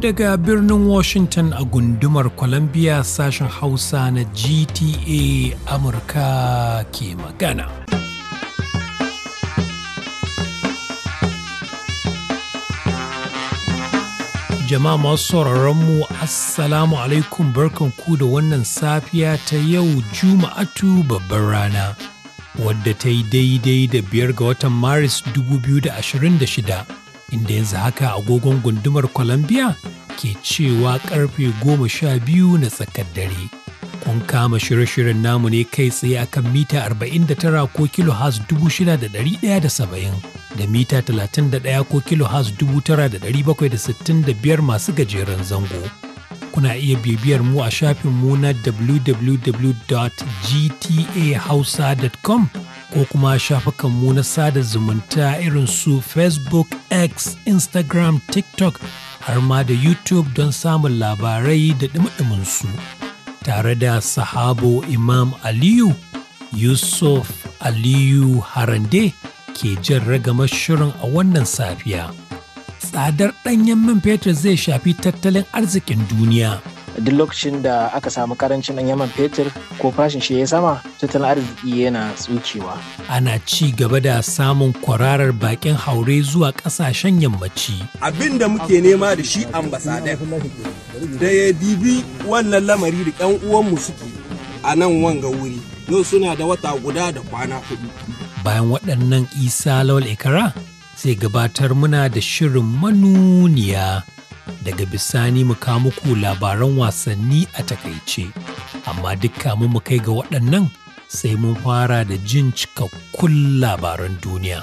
Daga birnin Washington a gundumar Columbia sashen Hausa na GTA Amurka ke magana. Jama'a masu sauraronmu Assalamu alaikum barkan ku da wannan safiya ta yau Juma'atu babbar rana. wadda ta yi daidai da biyar ga watan maris 2026 inda yanzu haka agogon gundumar columbia ke cewa karfe goma sha biyu na tsakar dare kun kama shirye-shiryen namu ne kai tsaye akan mita 49 ko kilo has 6,170 da mita 31 ko kilo has 9,765 masu gajeren zango kuna iya bibiyar mu a shafin mu na www.gtahausa.com ko kuma shafukan mu na sada zumunta irin su facebook x instagram tiktok har ma da youtube don samun labarai da su tare da sahabo imam aliyu yusuf aliyu harande ke jin ragamar shirin a wannan safiya. tsadar ɗanyen man fetur zai shafi tattalin arzikin duniya. duk lokacin da aka samu karancin ɗanyen man fetur ko farashin shi ya sama tattalin arziki yana tsukewa. Ana ci gaba da samun kwararar bakin haure zuwa ƙasashen yammaci. Abin da muke nema da shi ambasadai da ya dibi wannan lamari da ƴan uwanmu suke a nan wanga wuri. Yau suna da wata guda da kwana hudu. Bayan waɗannan isa lawal ikara Sai gabatar muna da shirin manuniya daga bisani mu muku labaran wasanni a takaice amma dukka mu kai ga waɗannan sai mun fara da jin cikakkun labaran duniya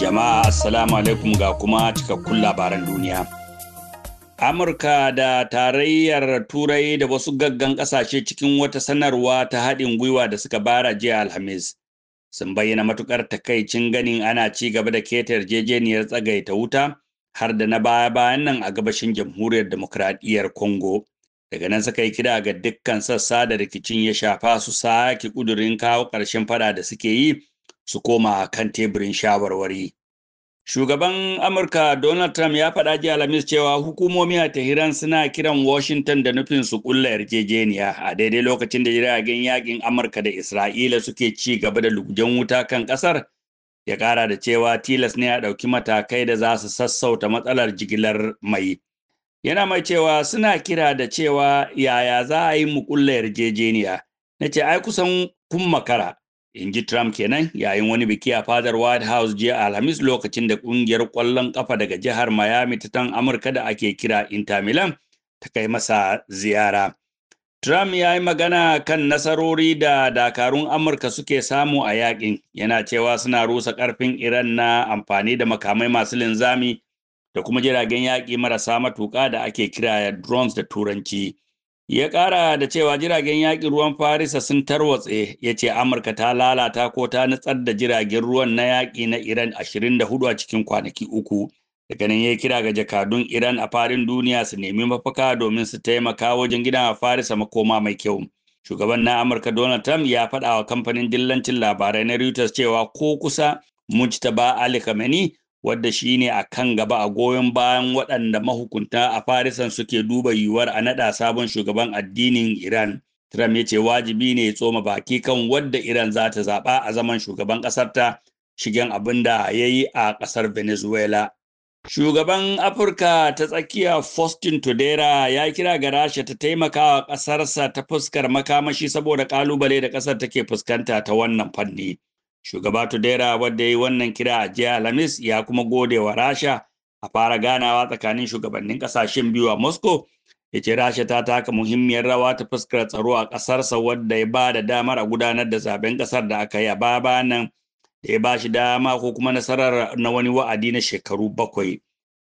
jama'a assalamu alaikum ga kuma cikakkun labaran duniya Amurka da tarayyar Turai da wasu gaggan ƙasashe cikin wata sanarwa ta haɗin gwiwa da suka bara jiya Alhamis. Sun bayyana matuƙar takaicin ganin ana ci gaba da keta yarjejeniyar tsagaita wuta har da na baya-bayan nan a gabashin jamhuriyar demokradiyyar Congo. Daga nan suka yi kira ga dukkan sassa da rikicin ya shafa su sake ƙudurin kawo ƙarshen fada da suke yi su koma kan teburin shawarwari. Shugaban Amurka Donald Trump ya faɗa ji Alhamis cewa hukumomi a Tehran suna kiran Washington da nufin su kulla yarjejeniya a daidai lokacin da jiragen yakin Amurka da Isra'ila suke ci gaba da lugujen wuta kan ƙasar. Ya ƙara da cewa tilas ne a ɗauki matakai da za su sassauta matsalar jigilar mai. Yana mai cewa suna kira da cewa yaya za a yi mu kulla yarjejeniya. nace ai kusan kun makara in ji Trump kenan yayin wani biki a fadar White House jiya Alhamis lokacin da kungiyar ƙwallon ƙafa daga jihar Miami ta tan Amurka da ake kira Inter Milan ta kai masa ziyara. Trump ya yi magana kan nasarori da dakarun Amurka suke samu a yakin, yana cewa suna rusa ƙarfin Iran na amfani da makamai masu linzami da kuma jiragen yaƙi marasa matuƙa da ake kira drones da turanci. ya ƙara da cewa jiragen yaƙin ruwan farisa sun tarwatse ya ce amurka ta lalata ko ta nutsar da jiragen ruwan na yaƙi na iran 24 a cikin kwanaki uku daga nan ya kira ga jakadun iran a farin duniya su nemi mafaka domin su taimaka wajen gina farisa makoma mai kyau shugaban na amurka donald trump ya faɗa wa kamfanin dillancin labarai na reuters cewa ko kusa mujtaba ali khamenei wadda shi ne a kan gaba a goyon bayan waɗanda mahukunta a farisan suke duba yiwuwar a naɗa sabon shugaban addinin iran trump ya ce wajibi ne ya tsoma baki kan wadda iran za ta zaɓa a zaman shugaban ƙasar ta shigen abin da ya yi a ƙasar venezuela shugaban afirka ta tsakiya faustin tudera ya kira ga rasha ta taimaka wa ƙasarsa ta fuskar makamashi saboda ƙalubale da ƙasar take fuskanta ta wannan fanni. Shugaba Tudera wadda ya yi wannan kira a jiya Alhamis ya kuma gode wa Rasha a fara ganawa tsakanin shugabannin kasashen biyu a Moscow ya ce Rasha ta taka muhimmiyar rawa ta fuskar tsaro a ƙasarsa wadda ya ba da damar a gudanar da zaben ƙasar da aka yi a Baba nan da ya ba shi dama ko kuma nasarar na wani wa'adi na shekaru bakwai.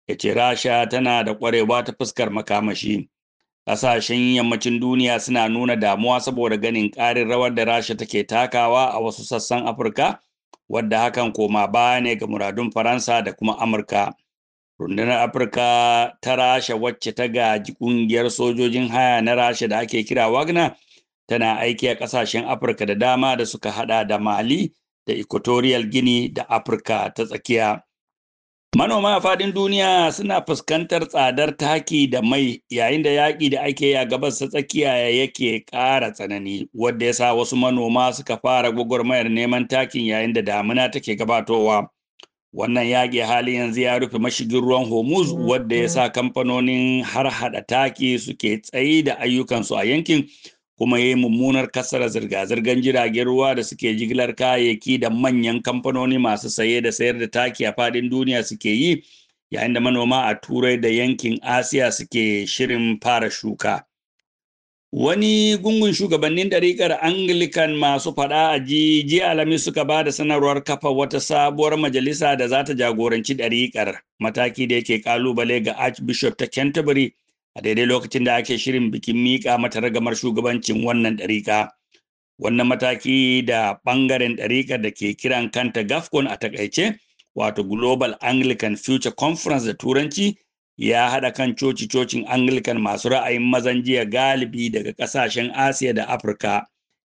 Ya ce Rasha tana da ƙwarewa ta fuskar makamashi. Ƙasashen yammacin duniya suna nuna damuwa saboda ganin ƙarin rawar da Rasha take takawa a wasu sassan Afirka, wadda hakan koma baya ne ga muradun Faransa da kuma Amurka. Rundunar Afirka ta Rasha wacce ta gaji ƙungiyar sojojin haya na Rasha da ake kira Wagner tana aiki a ƙasashen Afirka da dama da suka haɗa da Mali da Equatorial Guinea da Afirka ta tsakiya. Manoma a faɗin duniya suna fuskantar tsadar taki da mai yayin da yaƙi da ake ya gabas ta tsakiya yake ƙara tsanani wadda ya sa wasu manoma suka fara gwagwarmayar neman takin yayin da damina take gabatowa. Wannan yaƙi hali yanzu ya rufe mashigin ruwan Hormuz wadda ya sa kamfanonin har haɗa taki suke tsayi da ayyukansu a yankin kuma ya yi mummunar kasar zirga-zirgar jiragen ruwa da suke jigilar kayayyaki da manyan kamfanoni masu saye da sayar da taki a fadin duniya suke yi yayin da manoma a turai da yankin asiya suke shirin fara shuka wani gungun shugabannin ɗariƙar anglican masu faɗa a jiji alami suka ba da sanarwar kafa wata sabuwar majalisa da za ta jagoranci ɗariƙar mataki da yake ƙalubale ga archbishop ta canterbury a daidai lokacin da ake shirin bikin miƙa mata ragamar shugabancin wannan ɗariƙa. Wannan mataki da ɓangaren ɗariƙar da ke kiran kanta GAFCON a takaice, wato Global Anglican Future Conference da Turanci, ya haɗa kan coci-cocin Anglican masu ra'ayin mazan jiya galibi daga ƙasashen Asiya da Afirka.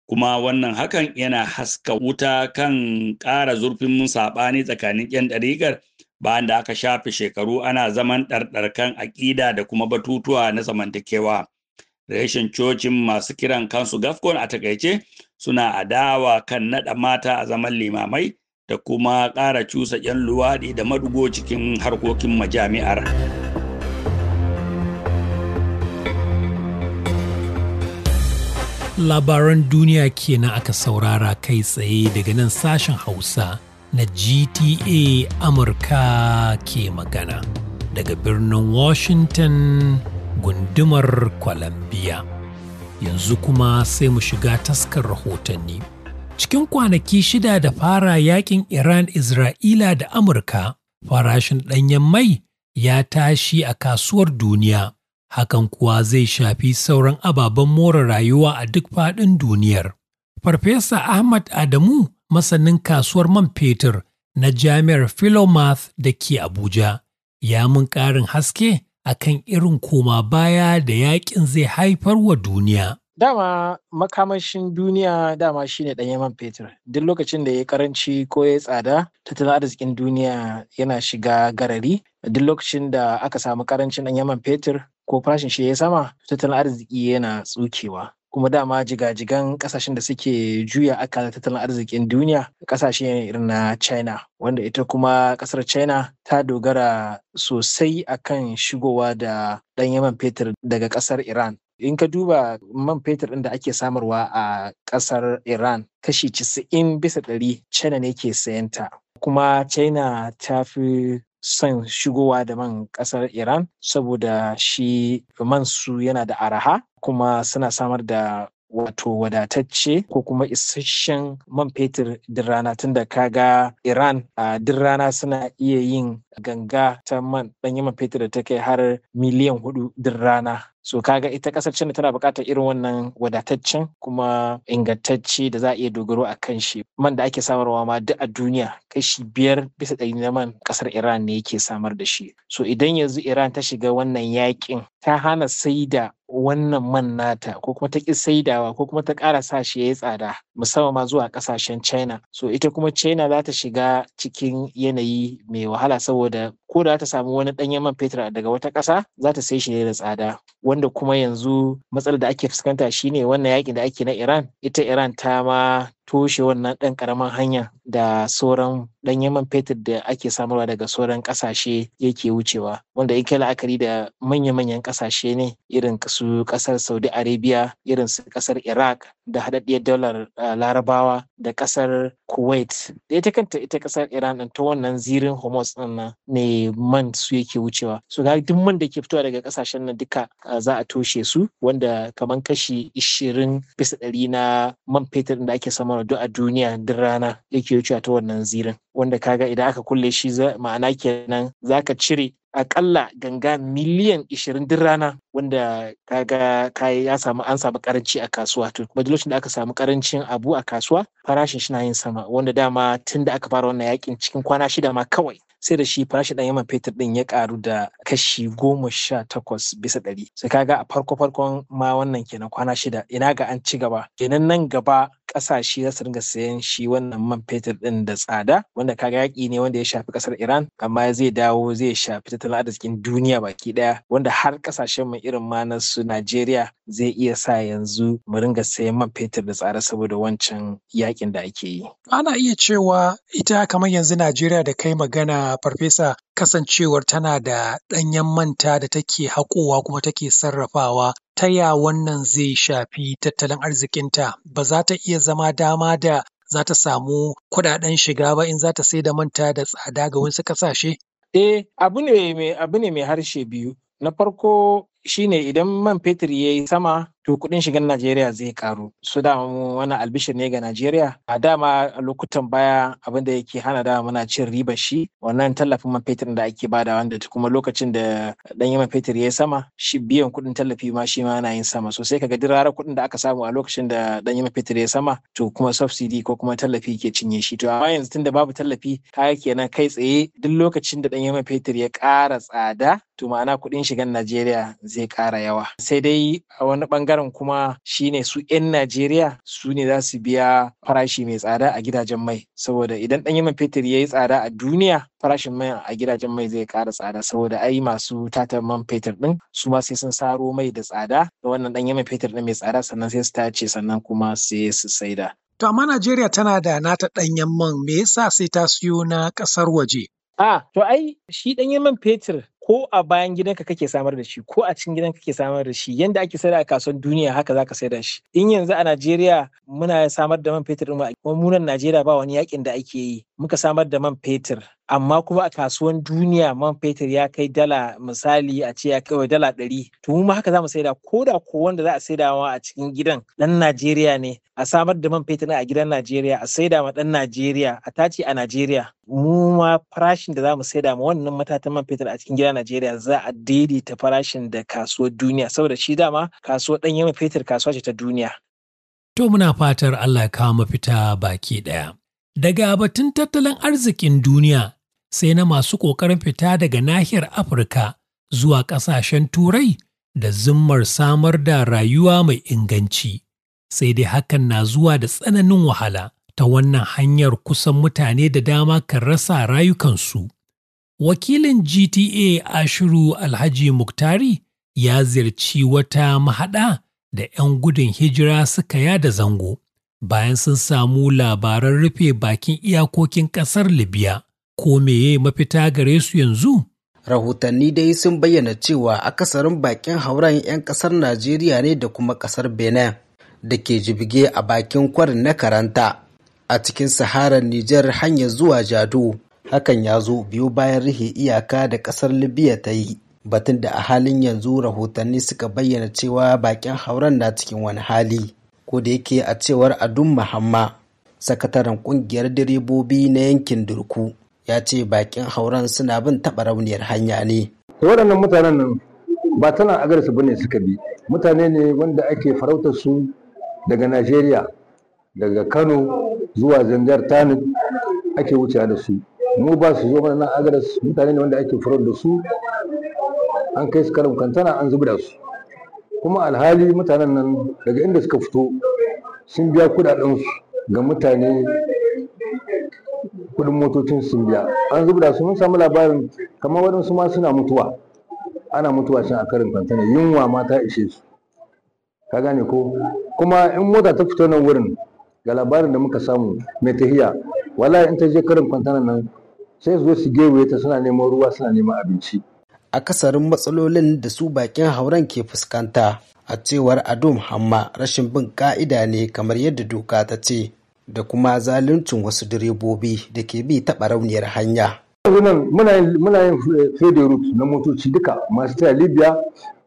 Kuma wannan hakan yana haska wuta kan ƙara zurfin saɓani tsakanin 'yan ɗariƙar bayan da aka shafe shekaru ana zaman ɗarɗarkan aƙida da kuma batutuwa na zamantakewa. Reshen cocin masu kiran kansu Gafcon a takaice suna adawa kan naɗa mata a zaman limamai da kuma ƙara cusa 'yan luwaɗi da madugo cikin harkokin majami'ar. Labaran duniya kenan aka saurara kai tsaye daga nan sashen Hausa. na GTA Amurka ke magana daga birnin Washington gundumar Columbia. Yanzu kuma sai mu shiga taskar rahotanni. Cikin kwanaki shida da fara yakin Iran Isra'ila da Amurka, farashin ɗanyen mai ya tashi a kasuwar duniya. Hakan kuwa zai shafi sauran ababen more rayuwa a duk faɗin duniyar. Farfesa Ahmad Adamu masanin kasuwar man fetur na jami'ar Philomath da ke Abuja, ya mun ƙarin haske a kan irin koma baya da yaƙin zai haifar wa duniya. Dama makamashin duniya dama shine ɗanyen man fetur. Duk lokacin da ya karanci ko ya tsada, tattalin arzikin duniya yana shiga garari. Duk lokacin da aka samu karancin ɗanyen man fetur ko farashin shi ya sama, tattalin arziki yana tsukewa. kuma dama jigajigan kasashen da suke juya aka tattalin arzikin duniya kasashe ne irin na china wanda ita kuma kasar china ta dogara sosai akan shigowa da dan yaman fetur daga kasar iran in ka duba man fetur ɗin da ake samarwa a kasar iran kashi 90 bisa ɗari china ne ke sayanta kuma china ta fi son shigowa da man kasar Iran saboda shi man su yana da araha kuma suna samar da wato wadatacce ko kuma isasshen man fetur din rana tun da kaga Iran a din rana suna iya yin ganga ta man dan yaman fetur da ta kai har miliyan hudu din rana so kaga ita kasar china tana buƙatar irin wannan wadataccen kuma ingantacce da za a iya dogaro a kan shi man da ake samarwa ma duk a duniya kashi biyar bisa ɗari na man kasar iran ne yake samar da shi so idan yanzu iran ta shiga wannan yakin ta hana saida wannan man nata ko kuma ta ƙi saidawa ko kuma ta ƙara sa shi ya yi tsada musamman ma zuwa ƙasashen china so ita kuma china za ta shiga cikin yanayi mai wahala saboda saboda ko da ta samu wani ɗanyen man fetur daga wata ƙasa za ta sai shi ne da tsada wanda kuma yanzu matsalar da ake fuskanta shine wannan yakin da ake na Iran ita Iran ta ma toshe wannan ɗan ƙaramin hanya da sauran ɗanyen man fetur da ake samarwa daga sauran ƙasashe yake wucewa wanda yake la'akari da manya-manyan ƙasashe ne irin su ƙasar saudi arabia irin su ƙasar iraq da haɗaɗɗiyar daular larabawa da ƙasar kuwait da ita kanta ita ƙasar iran ɗin ta wannan zirin homos ɗin nan ne man su yake wucewa so ga duk man da ke fitowa daga ƙasashen nan duka za a toshe su wanda kamar kashi ishirin bisa ɗari na man fetur da ake samarwa wa a duniya duk rana yake wucewa ta wannan zirin wanda kaga idan aka kulle shi ma'ana kenan zaka cire akalla ganga miliyan 20 duk rana wanda kaga kai ya samu an samu karanci a kasuwa to kuma da aka samu karancin abu a kasuwa farashin shi na yin sama wanda dama tun da aka fara wannan yakin cikin kwana shida ma kawai sai da shi farashin ɗan yaman fetur ɗin ya ƙaru da kashi goma sha takwas bisa ɗari sai kaga a farko farkon ma wannan kenan kwana shida ina ga an ci gaba kenan nan gaba kasashe za su ringa sayan shi wannan man fetur din da tsada wanda kaga yaki ne wanda ya shafi ƙasar Iran amma zai dawo zai shafi tattalin arzikin duniya baki ɗaya wanda har kasashen mu irin ma na su Najeriya zai iya sa yanzu mu ringa sayan man fetur da tsada saboda wancan yaƙin da ake yi. Ana iya cewa ita kamar yanzu Najeriya da kai magana farfesa kasancewar tana da ɗanyen manta da take haƙowa kuma take sarrafawa ta ya wannan zai shafi tattalin arzikinta ba za ta iya zama dama da za ta samu kuɗaɗen shiga ba in za ta sai da manta da tsada ga wasu ƙasashe? Eh, abu ne mai harshe biyu. Na farko shine idan man fetur ya yi sama to kuɗin shigan Najeriya zai karu. Su da mu wani albishir ne ga Najeriya. A dama a lokutan baya abin da yake hana dama muna cin riba shi wannan tallafin man fetur da ake bada wanda kuma lokacin da yi man fetur ya sama shi biyan kuɗin tallafi ma shi ma yana yin sama sosai kaga dirarar kuɗin da aka samu a lokacin da yi man fetur ya sama to kuma subsidy ko kuma tallafi ke cinye shi to amma yanzu tunda babu tallafi kaya kenan kai tsaye duk lokacin da yi man fetur ya kara tsada to ma'ana kuɗin shigan Najeriya zai kara yawa sai dai a wani bangare bangaren kuma shine su 'yan Najeriya su ne za su biya farashi mai tsada a gidajen mai saboda idan ɗanyen man fetur ya yi tsada a duniya farashin mai a gidajen mai zai ƙara tsada saboda ai masu tatar man fetur ɗin su ma sai sun saro mai da tsada da wannan ɗanyen man fetur ɗin mai tsada sannan sai su tace sannan kuma sai su saida. To amma Najeriya tana da nata ɗanyen man me yasa sai ta siyo na ƙasar waje? A, ah, to ai shi ɗanyen man fetur ko a bayan gidanka kake samar da shi ko a cikin gidanka kake samar da shi yanda ake sayar a kasuwar duniya haka zaka da shi in yanzu a Najeriya muna samar da man fetur din mu munan Najeriya ba wani yakin da ake yi muka samar da man fetur amma kuma a kasuwan duniya man fetur ya kai dala misali a ce ya kai dala ɗari to mu haka zamu mu saida ko da ko wanda za a saida ma a cikin gidan dan Najeriya ne a samar da man fetur a gidan Najeriya a saida ma ɗan Najeriya a tace a Najeriya mu ma farashin da za mu saida ma wannan matatan man fetur a cikin gidan Najeriya za a daidaita farashin da kasuwar duniya saboda shi dama kasuwar ɗan yamma fetur kasuwa ce ta duniya. To muna fatar Allah kawo mafita baki ɗaya. Daga batun tattalin arzikin duniya sai na masu ƙoƙarin fita daga nahiyar Afirka zuwa ƙasashen Turai da zimmar samar da rayuwa mai inganci. Sai dai hakan na zuwa da tsananin wahala ta wannan hanyar kusan mutane da dama kan rasa rayukansu. wakilin GTA Ashiru Alhaji Muktari ya ziyarci wata mahaɗa da 'yan gudun hijira suka yada zango bayan sun samu labaran rufe bakin iyakokin ƙasar Libya. Ko meye mafita gare su yanzu? Rahotanni dai sun bayyana cewa akasarin bakin hauren 'yan ƙasar Najeriya ne da kuma ƙasar Benin da ke jibge a bakin kwarin na karanta a cikin Saharar Nijar hanyar zuwa Jado. Hakan ya zo biyo bayan rihe iyaka da ƙasar Libya ta yi. Batun da a halin yanzu rahotanni suka bayyana cewa bakin hauren na cikin wani hali. Ko da yake a cewar Adun Mahamma, sakataren kungiyar direbobi na yankin Durku, ya ce bakin hauren suna bin taɓa rauniyar hanya ne. Waɗannan mutanen nan ba tana agarsu bane suka bi. Mutane ne wanda ake farautar su daga Najeriya, daga Kano zuwa Zanjar tanu ake wuce da su. mu ba su zo mana nan agaras mutane ne wanda ake furar da su an kai su karin kantana an da su kuma alhali mutanen nan daga inda suka fito sun biya kudaden su ga mutane kudin motocin sun biya an da su mun samu labarin kamar su ma suna mutuwa ana mutuwa shan a karin kantana yunwa ma ta ishe su ka gane ko kuma in mota ta fito nan wurin ga labarin da muka samu mai tahiya wallahi in ta je karin kwantanan nan sai su zo su gewaye ta suna neman ruwa suna neman abinci A akasarin matsalolin da su bakin hauren ke fuskanta a cewar ado hamma rashin bin ka'ida ne kamar yadda doka ta ce da kuma zaluncin wasu direbobi da ke bi taɓa rauniyar hanya. muna yin fede route na motoci duka masu taya libya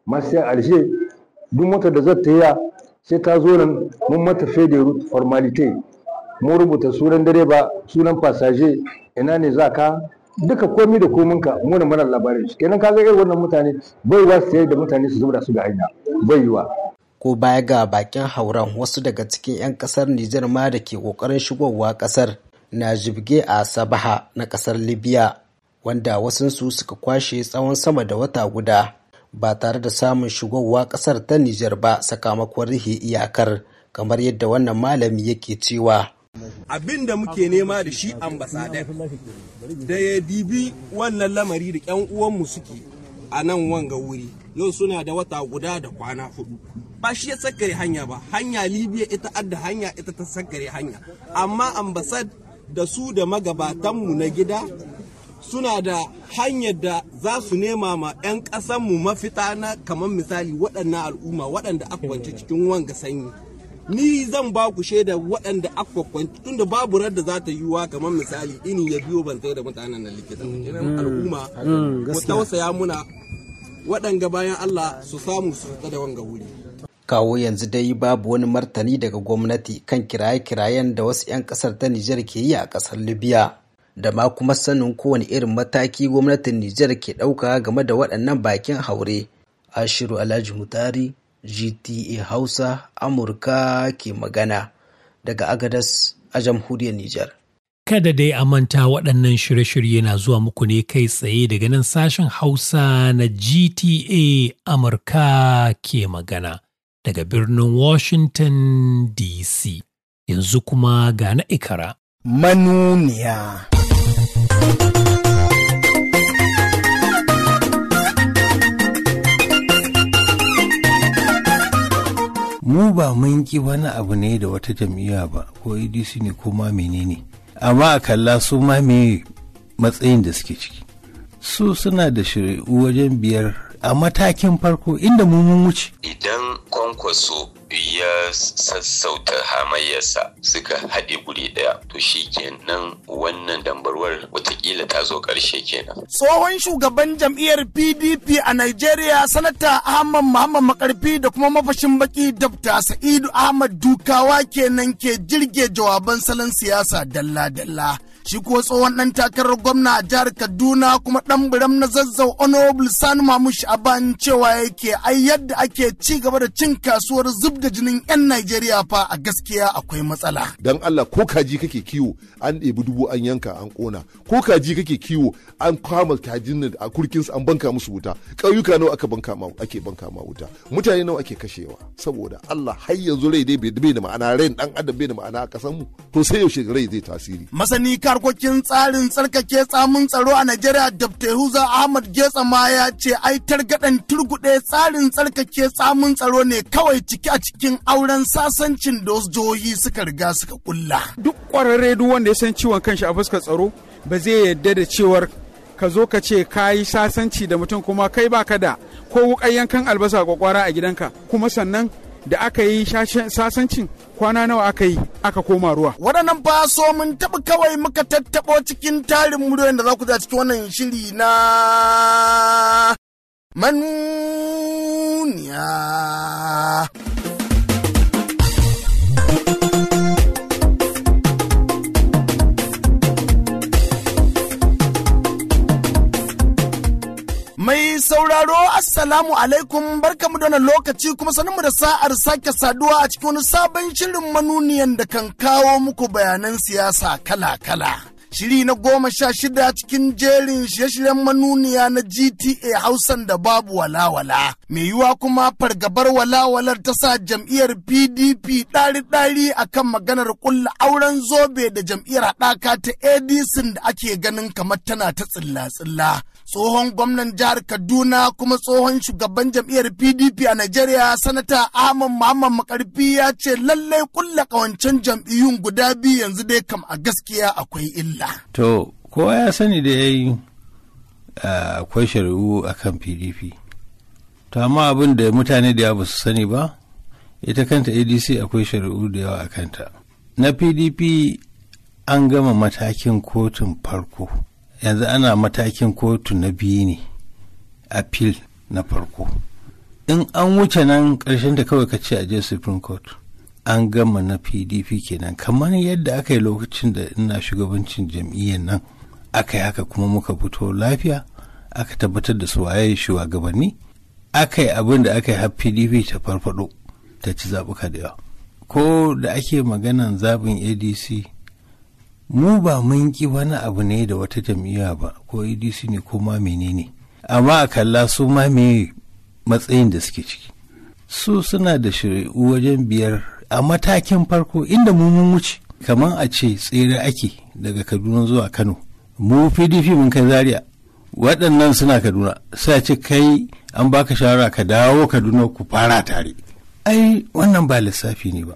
masu taya alshe duk motar da zata yi sai ta zo nan mun mata fede route formalite Mu rubuta sunan dare ba sunan fasaje ina ne za ka duka komi da kominka muna mana labarin shi kenan kaga irin wannan mutane baiwa su sayar da mutane su zubda su ga aina Bai baiwa ko baya ga bakin hauran wasu daga cikin 'yan kasar Nijar ma da ke kokarin shigowa kasar na jibge a Sabaha na kasar Libya wanda wasunsu suka kwashe tsawon sama da wata guda ba tare da samun shigowa kasar ta Nijar ba sakamakon rihe iyakar kamar yadda wannan malami yake cewa abinda muke nema da shi ambasadar da ya dibi wannan lamari da yan uwanmu suke a nan wanga wuri yau suna da wata guda da kwana hudu ba shi ya tsakare hanya ba hanya libya ita adda hanya ita ta tsakare hanya amma ambasad da su da magabatanmu na gida suna da hanyar da za su nema ma 'yan ƙasanmu mafita na kamar misali waɗannan al'umma waɗanda akwance cikin wanga sanyi ni zan ba ku shaida waɗanda kwanci tunda babu radda za ta yiwuwa kamar misali ini ya biyo ban da mutanen nan likita mm. al'umma mm, tausaya muna waɗanga bayan Allah su samu su tsada da wanga wuri kawo yanzu dai babu wani martani daga gwamnati kan kiraye-kirayen da wasu 'yan kasar ta Nijar ke yi a kasar Libya da ma kuma sanin kowane irin mataki gwamnatin Nijar ke ɗauka game da waɗannan bakin haure. Ashiru Alhaji Mutari GTA Hausa Amurka ke magana daga Agadas a jamhuriyar Nijar. Kada dai a manta waɗannan shirye-shirye na zuwa muku ne kai tsaye daga nan sashen Hausa na GTA Amurka ke magana daga birnin Washington DC. Yanzu kuma ga na ikara. Manuniya. mu ba mun ki wani abu ne da wata jam'iyya ba ko adc ne ko ma menene amma a kalla su ma me matsayin da suke ciki su suna da shari'u wajen biyar a matakin farko inda mu mun wuce idan kwankwaso ya sassauta hamayyarsa suka haɗe guri ɗaya to shi kenan wannan dambarwar watakila ta zo ƙarshe kenan. tsohon shugaban jam'iyyar pdp a nigeria sanata ahmad muhammad makarfi da kuma mafashin baki dabta sa'idu ahmad dukawa kenan ke jirge jawaban salon siyasa dalla-dalla. shi kuwa tsohon ɗan takarar gwamna a jihar kaduna kuma ɗan biram na zazzau honorable sani mamush aban cewa yake ai yadda ake ci gaba da cin kasuwar zub da jinin 'yan najeriya fa a gaskiya akwai matsala dan allah ko kaji kake kiwo an ɗebi dubu an yanka an ƙona ko kaji kake kiwo an kama kajin a kurkin an banka musu wuta ƙauyuka nawa aka banka ma ake banka ma wuta mutane nawa ake kashewa saboda allah har yanzu rai dai bai da ma'ana rai dan adam bai da ma'ana a kasan mu to sai yaushe rai zai tasiri masani ka harkokin tsarin tsarkake tsamin tsaro a Najeriya Dr. Huza Ahmad Getsa ma ya ce ai targaɗan turguɗe tsarin tsarkake tsamin tsaro ne kawai ciki a cikin auren sasancin da wasu jihohi suka riga suka kulla. Duk ƙwararre duk wanda ya san ciwon kanshi a fuskar tsaro ba zai yarda da cewar ka zo ka ce ka yi sasanci da mutum kuma kai baka da ko wuƙan yankan albasa kwakwara a gidanka kuma sannan da aka yi sasancin kwana nawa aka yi aka koma ruwa. Waɗannan ba so mun taɓa kawai muka tattaɓo cikin tarin muryoyin da za ku za cikin wannan shiri na manuniya. Mai sauraro Assalamu alaikum barkamu da wannan lokaci kuma sanin mu da sa'ar sake saduwa a cikin wani sabon shirin manuniyan da kan kawo muku bayanan siyasa kala-kala. shiri na goma sha shida cikin jerin shirye-shiryen manuniya na GTA Hausan da babu walawala. Mai yiwuwa kuma fargabar walawalar ta sa jam'iyyar PDP ɗari-ɗari a kan maganar ƙulla auren zobe da jam'iyyar haɗaka ta ADC da ake ganin kamar tana ta tsilla-tsilla. Tsohon gwamnan jihar Kaduna kuma tsohon shugaban jam'iyyar PDP a Najeriya sanata Ahmad Muhammad Makarfi ya ce lallai ƙulla ƙawancen jam'iyyun guda biyu yanzu dai kam a gaskiya akwai illa. To, kowa ya sani da ya yi akwai shari'u a kan PDP. To, amma abin da mutane da ya ba su sani ba, ita kanta ADC akwai shari'u da yawa a kanta. Na PDP an gama matakin kotun farko, yanzu ana matakin kotu na biyu ne, appeal na farko. In an wuce nan ƙarshen ta kawai ka ce a je Supreme Court. an gama na pdp kenan kamar yadda aka yi lokacin da ina shugabancin jam'iyyar nan aka yi haka kuma muka fito lafiya aka tabbatar da su waye shugabanni aka yi abin da aka yi har pdp ta farfado ta ci zaɓuka da yawa ko da ake maganan zaɓin adc mu ba mun ƙi wani abu ne da wata jam'iyya ba ko adc ne ko ma menene amma a kalla su ma me matsayin da suke ciki su suna da shari'u wajen biyar a matakin farko inda mu mun wuce kamar a ce tsere ake daga kaduna zuwa kano mu pdp mun kai zaria waɗannan suna kaduna sai ce kai an baka shawara ka dawo kaduna ku fara tare ai wannan ba lissafi ne ba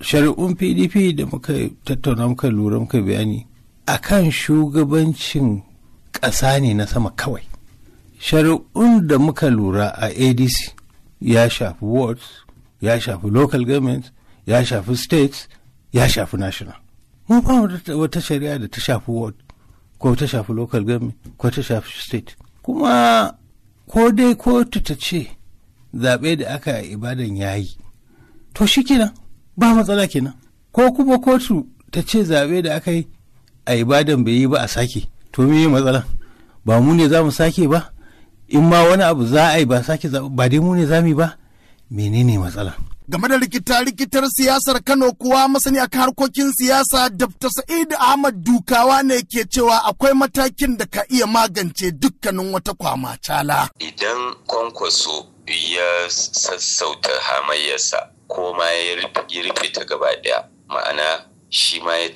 shari'un pdp da muka tattauna muka lura muka bayani akan shugabancin ƙasa ne na sama kawai shari'un da muka lura a adc ya shafi wards ya shafi local government ya shafi states ya shafi national mu ba wata shari'a da ta shafi world ko ta shafi local government ko ta shafi state kuma ko dai kotu ta ce zaɓe da aka a ibadan ya yi to shi kenan ba matsala kenan ko kuma kotu ta ce zaɓe da aka yi a ibadan bai yi ba a sake to me matsala ba mu ne za mu sake ba in ma wani abu za a yi ba sake ba dai mu ne za mu yi ba menene matsala game da rikita-rikitar siyasar Kano kuwa masani a harkokin siyasa Dr. Sa'id Ahmad Dukawa ne ke cewa akwai matakin da ka iya magance dukkanin wata kwama cala Idan kwankwaso ya sassauta hamayyarsa ko ma ya rufe ta gaba ma'ana shi ma ya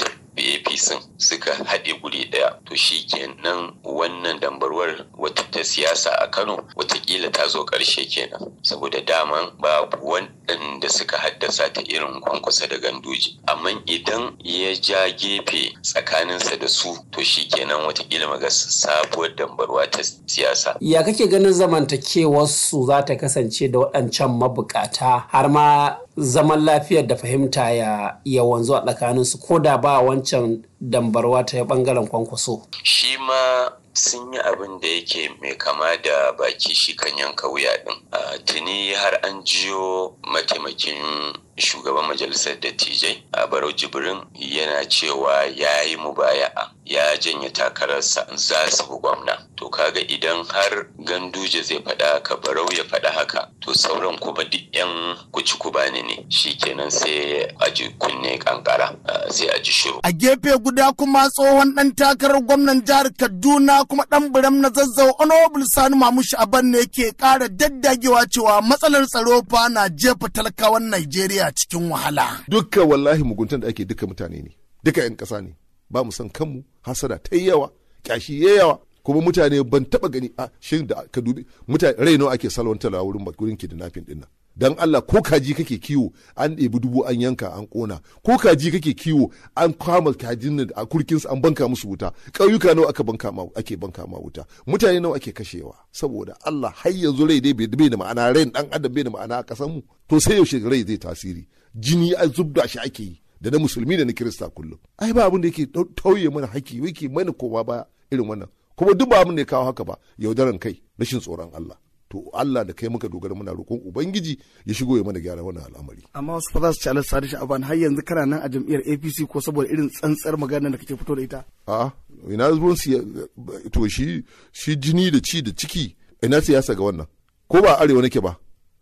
sun suka haɗe guri ɗaya to shi kenan wannan dambarwar wata ta siyasa a kano watakila ta zo ƙarshe kenan saboda daman babu waɗanda suka haddasa ta irin kwankwasa da ganduji amma idan ya ja gefe tsakaninsa da su to shi kenan watakila maga sabuwar dambarwa ta siyasa ya kake ganin zamantakewarsu za ta kasance da waɗancan mabukata har ma zaman lafiyar da fahimta ya, ya wanzu a tsakanin su ko da ba wancan dambarwa ta bangaren kwankwaso. Shi ma sun yi abin da yake mai kama da baki shi kan yanka wuya din. Ah, tuni har an jiyo mataimakin shugaban majalisar dattijai a barau jibrin yana cewa ya yi mubaya'a ya janye takararsa za su bi gwamna to kaga idan har ganduje zai faɗa haka barau ya faɗa haka to sauran kuma duk yan kuci kubani ne shikenan sai a ji kunne kankara sai a ji shiru a gefe guda kuma tsohon dan takarar gwamnan jihar kaduna kuma dan biram na zazzau honorable sani mamushi aban ne ke kara daddagewa cewa matsalar tsaro fa na jefa talakawan najeriya baya cikin wahala dukka wallahi muguntan da ake duka mutane ne duka yan ƙasa ne ba mu san kanmu hasada ta yawa kyashi ya yawa kuma mutane ban taɓa gani a shirin da ka dubi mutane rai nawa ake salwantarwa wurin wurin kidnapping din nan dan Allah ko kaji kake kiwo an ɗebi dubu an yanka an ƙona ko kaji kake kiwo an kama kajin a kurkin an banka musu wuta ƙauyuka nawa aka banka ma ake banka ma wuta mutane nawa ake kashewa saboda Allah har yanzu rai dai bai da ma'ana rai dan adam bai da ma'ana a kasan mu to sai yaushe rai zai tasiri jini a zubda shi ake yi da na musulmi da na kirista kullum ai ba abin da yake tauye mana haƙƙi yake mana kowa ba irin wannan kuma duk ba abin da ya kawo haka ba yaudaran kai rashin tsoron Allah to Allah da kai muka dogara muna roƙon ubangiji ya shigo ya mana gyara wannan al'amari amma wasu fa za su ci alas sadi sha'aban har yanzu kana nan a jam'iyyar APC ko saboda irin tsantsar magana da kake fito da ita a'a ina su to shi shi jini da ci da ciki ina siyasa ga wannan ko ba arewa nake ba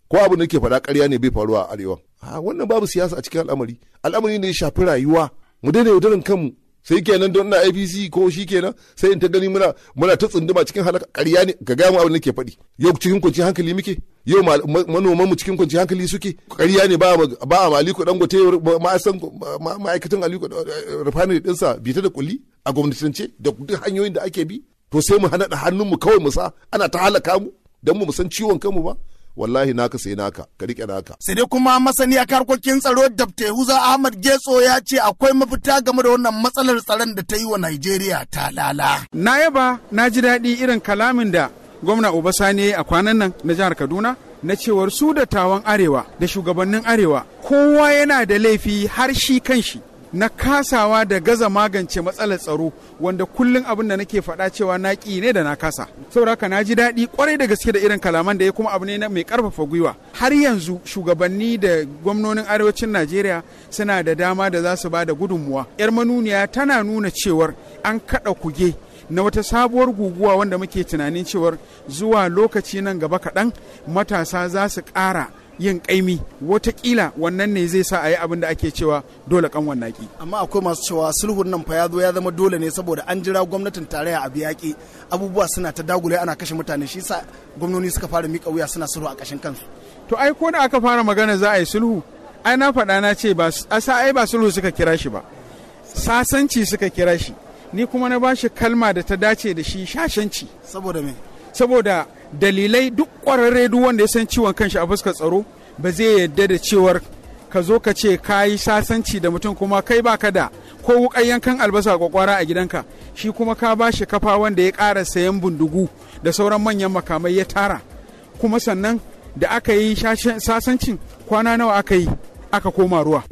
ko abu nake faɗa ƙarya ne bai faruwa a arewa a wannan babu siyasa a cikin al'amari al'amari ne ya shafi rayuwa mu daina yaudarin kanmu sai kenan don na apc ko shi kenan sai in ta gani muna muna ta tsunduma cikin halaka ƙarya ne ga gaya mu abin da ke faɗi yau cikin kwanci hankali muke yau manoman mu cikin kwanci hankali suke ƙarya ne ba a maliko dangote gote ma'aikatan aliko eh, refinery ɗinsa bita da kulli a gwamnatance da duk hanyoyin da ake bi to sai mu hana da hannun mu kawai mu sa ana ta halaka mu don mu san ciwon kanmu ba wallahi naka sai naka ka rike naka sai dai kuma masani a karkokin tsaro da huza ahmad getso ya ce akwai mafita game da wannan matsalar tsaron da ta yi wa najeriya ta lala na yaba na ji daɗi irin kalamin da gwamna obasani a kwanan nan na jihar kaduna na cewar su dattawan arewa da shugabannin arewa kowa yana da laifi har shi kanshi na kasawa da gaza magance matsalar tsaro wanda kullum abin da nake faɗa cewa na ƙi ne da na kasa saboda haka na ji daɗi kwarai da gaske da irin kalaman da ya kuma abu ne mai ƙarfafa gwiwa har yanzu shugabanni da gwamnonin arewacin najeriya suna da dama da za su ba da gudunmuwa yar manuniya tana nuna cewar an kaɗa kuge na wata sabuwar guguwa wanda muke tunanin cewar zuwa lokaci nan gaba kaɗan matasa za su ƙara yin kaimi watakila wannan ne zai sa a yi abin da ake cewa dole kan wannaki amma akwai masu cewa sulhun nan fa ya zo ya zama dole ne saboda an jira gwamnatin tarayya a biyaƙi abubuwa suna ta dagule ana kashe mutane shi sa gwamnoni suka fara mika wuya suna sulhu a kashin kansu to ai ko da aka fara magana za a yi sulhu ai na faɗa na ce ba ai ba sulhu suka kira shi ba sasanci suka kira shi ni kuma na bashi kalma da ta dace da shi shashanci saboda me saboda dalilai duk kwararre duk wanda ya san ciwon kanshi a fuskar tsaro ba zai yadda da cewar ka zo ka ce ka yi sasanci da mutum kuma kai baka da ko wukan yankan albasa kwakwara a gidanka shi kuma ka ba shi kafa wanda ya ƙara sayan bindigu da sauran manyan makamai ya tara kuma sannan da aka yi sasancin kwana nawa aka yi aka koma ruwa.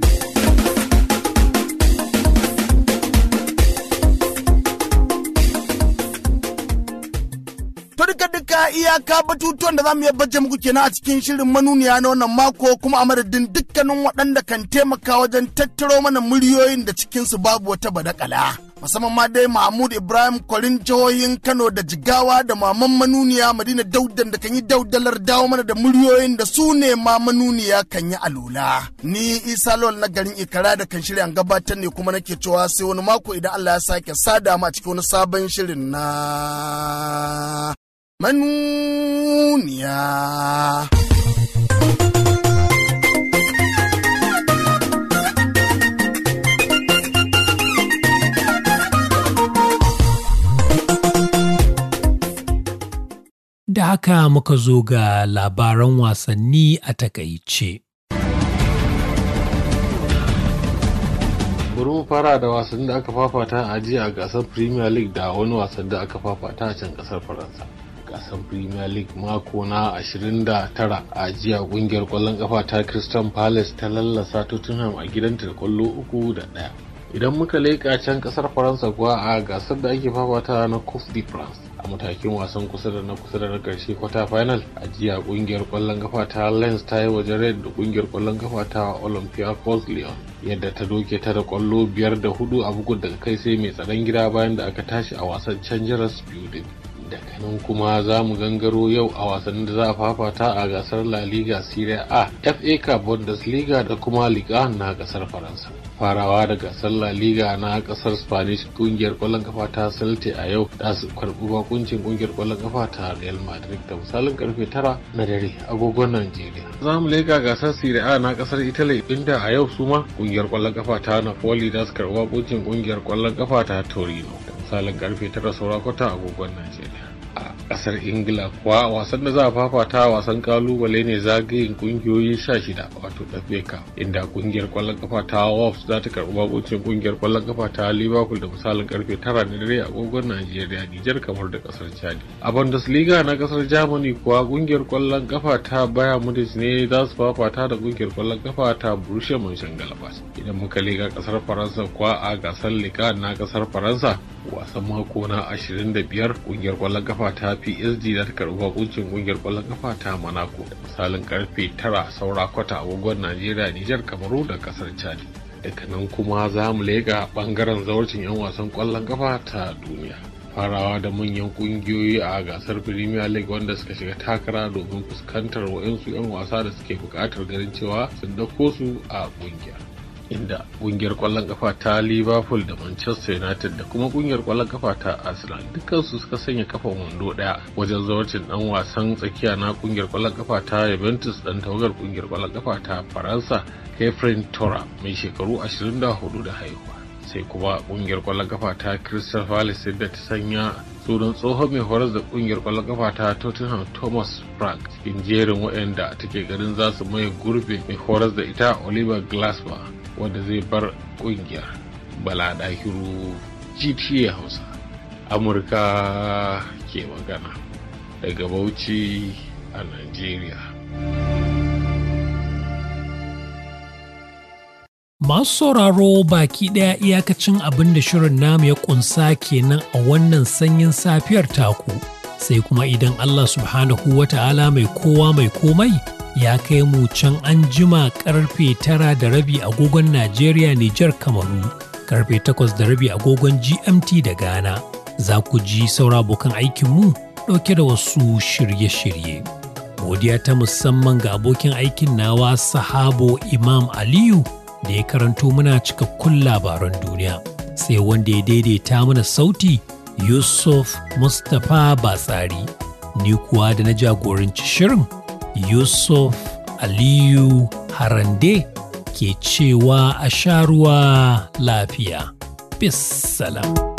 iyaka batutuwan da za iya baje muku kenan a cikin shirin manuniya na wannan mako kuma a madadin dukkanin waɗanda kan taimaka wajen tattaro mana muryoyin da cikinsu babu wata badakala. musamman ma dai Mahmud Ibrahim Kwarin jihohin Kano da Jigawa da Maman Manuniya Madina Daudan da kan yi daudalar dawo mana da muryoyin da su ne ma Manuniya kan yi alula. Ni Isa Lawal na garin Ikara da kan shirya gabatar ne kuma nake cewa sai wani mako idan Allah ya sake sada a cikin wani sabon shirin na manuniya. Da haka muka zo ga labaran wasanni a takaice. bari fara da wasanni da aka fafata a jiya a gasar premier league da wani wasan da aka fafata a can kasar faransa gasar premier league mako na 29 a jiya kungiyar kwallon kafa ta crystal palace ta lallasa tottenham a gidanta da kwallo uku da daya idan muka leƙa can ƙasar faransa kuwa a gasar da ake fafata na coupe de france a matakin wasan kusa da na kusa da na karshe kwata final a jiya ƙungiyar kwallon kafa ta lens ta yi wajen red da kungiyar kwallon kafa ta olympiacos leon yadda ta doke ta da kwallo biyar da hudu a bugun daga kai sai mai tsaron gida bayan da aka tashi a wasan can jiras din daga nan kuma za mu gangaro yau a wasannin da za a fafata a gasar la liga serie a fa cup bundesliga da kuma liga na kasar faransa farawa da gasar la liga na kasar spanish kungiyar kwallon kafa ta salte a yau da su karbi bakuncin kungiyar kwallon kafa ta real madrid da misalin karfe tara na dare agogon nigeria za mu leka gasar serie a na kasar italy inda a yau suma kungiyar kwallon kafa ta napoli da su karbi bakuncin kungiyar kwallon kafa ta torino misalin karfe tara saura kwata agogon Najeriya. A kasar Ingila kuwa wasan da za a fafata wasan kalubale ne zagayen kungiyoyi shida wato FA inda kungiyar kwallon kafa ta Wolves za ta karbi bakuncin kungiyar kwallon kafa ta Liverpool da misalin karfe tara na dare agogon Najeriya Nijar kamar da kasar Chad. A Bundesliga na kasar Germany kuwa kungiyar kwallon kafa ta Bayern Munich ne za su fafata da kungiyar kwallon kafa ta Borussia Mönchengladbach. Idan muka liga kasar Faransa kuwa a gasar Liga na kasar Faransa wasan mako na 25 kungiyar kwallon kafa ta psg za ta karbi hukuncin kungiyar kwallon kafa ta monaco da misalin karfe 9 saura kwata agogon najeriya nijar kamaru da kasar chad daga nan kuma za mu lega bangaren zawarcin 'yan wasan kwallon kafa ta duniya farawa da manyan kungiyoyi a gasar premier league wanda suka shiga takara domin fuskantar wa'yansu 'yan wasa da suke bukatar ganin cewa sun dauko su a kungiyar inda kungiyar kwallon kafa ta liverpool da manchester united da kuma kungiyar kwallon kafa ta arsenal dukansu suka sanya kafan wando daya wajen zawarcin dan wasan tsakiya na kungiyar kwallon kafa ta juventus dan tawagar kungiyar kwallon kafa ta faransa kefren tora mai shekaru 24 da haihuwa sai kuma kungiyar kwallon kafa ta crystal palace da ta sanya sunan tsohon mai horas da kungiyar kwallon kafa ta tottenham thomas frank cikin jerin waɗanda take garin za su maye gurbe mai horas da ita oliver glasper wanda zai bar kungiyar bala dakiru gta hausa amurka ke magana daga bauchi a nigeria Masu sauraro baki ɗaya iyakacin abin da shirin namu ya ƙunsa kenan a wannan sanyin safiyar taku, sai kuma idan Allah subhanahu wa ta'ala mai kowa mai komai ya kai mu can an jima karfe tara da rabi agogon Najeriya Nijar Kamaru, karfe takwas da rabi agogon GMT da Ghana. Za ku ji saura abokan aikinmu ɗauke da wasu shirye-shirye. Godiya ta musamman ga abokin aikin nawa Sahabo Imam Aliyu. da ya karanto muna cikakkun labaran duniya sai wanda ya daidaita mana sauti yusuf mustapha batsari ni kuwa da na jagoranci shirin yusuf aliyu harande ke cewa a sha lafiya bis salam